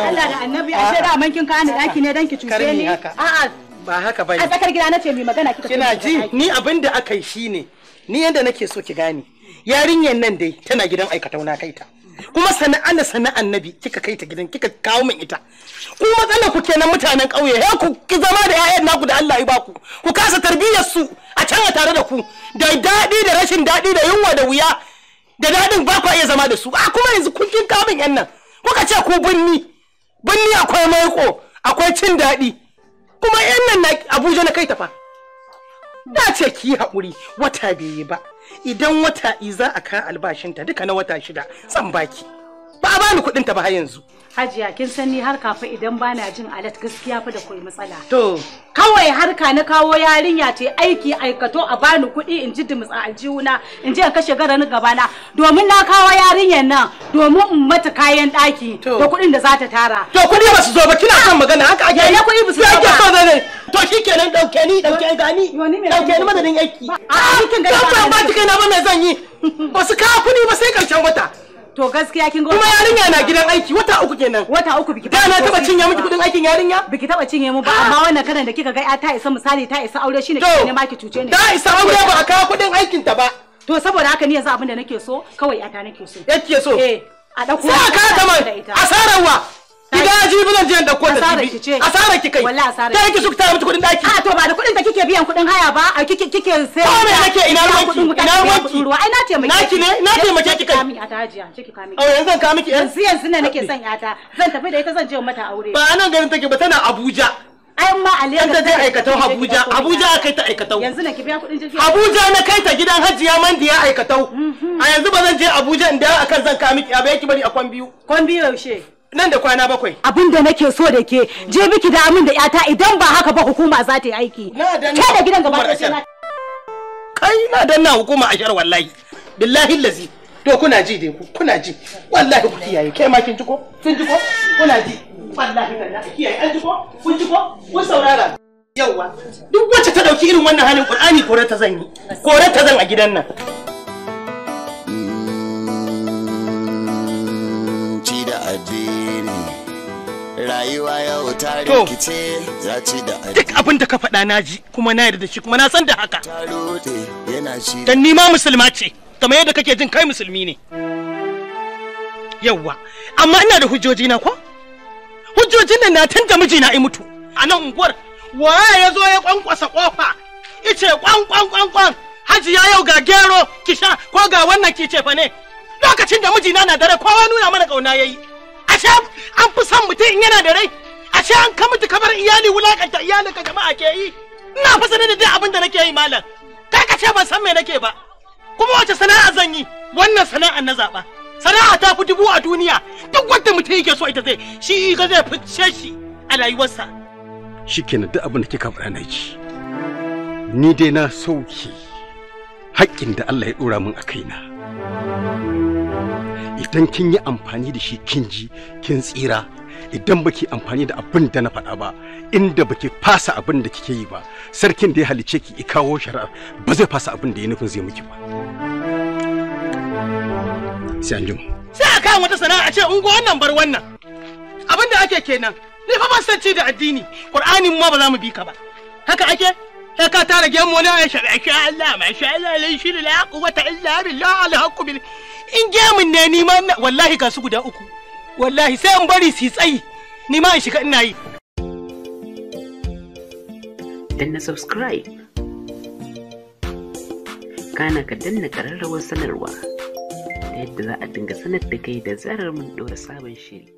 Allah da annabi ashe da man kin kawo daki ne dan ki cuce ni. ba haka bane. A tsakar gida ce mai magana kika Kina ji ni abin da aka yi shine ni yanda nake so ki gane yarinyar nan dai tana gidan aikatau na kaita. kuma sana'an da sana'an nabi kika kai ta gidan kika kawo min ita ku matsala ku kenan mutanen ƙauye he ku ki zama da ƴaƴan naku da Allah ya baku ku kasa tarbiyyar su a can a tare da ku da daɗi da rashin daɗi da yunwa da wuya da daɗin ba ku iya zama da su a kuma yanzu kun kin kawo min ƴan nan kuka ce ku binni birni akwai maiko akwai cin daɗi kuma yan nan na abuja na kai ta fa ce ki yi haƙuri wata bai yi ba idan wata i za a kan albashinta duka na wata shida zan baki. ba a bani kuɗin ta ba har yanzu Hajiya kin san ni har kafa idan bana jin alat gaskiya fa da koi matsala. To kawai harka na kawo yarinya ta aiki aikato a bani kuɗi in ji dumtsa aljihuna in je in kashe garanin gabana domin na kawo yarinyar nan domin in mata kayan ɗaki da kuɗin da za ta tara. To kuɗi ba su zo ba kina son magana haka ake yi. kuɗi ba su zo ba. To shikenan dauke ni dauke gani dauke ni madadin aiki. A kin ga ba ta kai na ba ba. zan yi. Ba su kawo kuɗi ba sai karshen wata. To gaskiya kin go. kuma yarinya na gidan aiki wata uku kenan. Wata uku biki. Da na taba cinye miki kudin aikin yarinya? Biki taba cinye mu ba amma wannan karan da kika ga ya ta isa misali ta isa aure shine kike ne ma ki cuce ne. Da isa aure ba a kawo kudin aikin ta ba. To saboda haka ni yanzu abin da nake so kawai ya ta nake so. Yake so. Eh. A dauko. Sai ka kama asarar Idan ji ba zan je in dauko Asara ki kai. Wallahi asara. Kai suka kudin daki. A to ba da kudin da kike biyan kudin haya ba, a kike kike sai. Ko me nake ina Ina Ai na taimake. Naki ne? Na kai. Kami a tajiya, ciki kami. Oh yanzu zan ka miki. Yanzu yanzu ne nake son yata. Zan tafi da ita zan je mata aure. Ba anan garin take ba tana Abuja. ai ma ta je aikatau Abuja Abuja a kai ta aikatau yanzu na ki biya kudin jirgi Abuja na kai ta gidan Hajiya Mandiya aikatau mhm. a yanzu ba zan je Abuja in da akan zan ka miki abai ki bari a biyu kwan biyu yaushe nan da kwana bakwai abin da nake so da ke je biki da amin da yata idan ba haka ba hukuma za ta yi aiki ke da gidan gaba da kai na danna hukuma ashar wallahi billahi lazi to kuna ji dai ku kuna ji wallahi ku kiyaye kai ma kin ji ko kin ji ko kuna ji wallahi na kiyaye an ji ko kun ji ko kun saurara yauwa duk wacce ta dauki irin wannan halin qur'ani kore ta zan yi kore ta zan a gidan nan rayuwa yau ta rikice ya ci da duk abin da ka faɗa na ji kuma na yarda da shi kuma na san da haka dan ni ma musulma ce kamar yadda kake jin kai musulmi ne yawwa amma ina da hujjoji na ko hujjojin nan na tun da mijina in mutu a nan unguwar waye ya zo ya kwankwasa kofa ice kwan kwan kwan kwan hajiya yau ga gero kisha ko ga wannan kice fa ne lokacin da mijina na dare kowa nuna mana kauna yayi ashe an fi son mutum in yana da rai a ce an ka mutu kamar iyali wulakanta iyalin ka jama'a ke yi ina fi sanar da duk abin da nake yi malam kai ka ce ban san me nake ba kuma wace sana'a zan yi wannan sana'a na zaɓa sana'a ta fi dubu a duniya duk wanda mutum yake so ita zai shi ga zai fice shi a rayuwarsa shikenan duk abin da kika faɗa na ji ni dai na sauki haƙƙin da Allah ya ɗora min a kaina idan kin yi amfani da shi kin ji kin tsira idan baki amfani da abin da na faɗa ba inda baki fasa abin da kike yi ba sarkin da ya halice ki i kawo shari'a ba zai fasa abin da ya nufin zai miki ba sai an jima sai a kawo wata sana'a ce ungo wannan bar wannan abin da ake kenan ni fa ban san ci da addini qur'anin ma ba za mu bi ka ba haka ake sai ka tara gemu na ya shari'a sha Allah ma sha Allah la ilaha illa quwwata billah in gemun ne ni ma wallahi ga su guda uku wallahi sai in bari su tsayi ni ma in shiga ina yi danna subscribe kana ka danna kararrawar sanarwa ta yadda za a dinga sanar da kai da zarar mun ɗora sabon shiri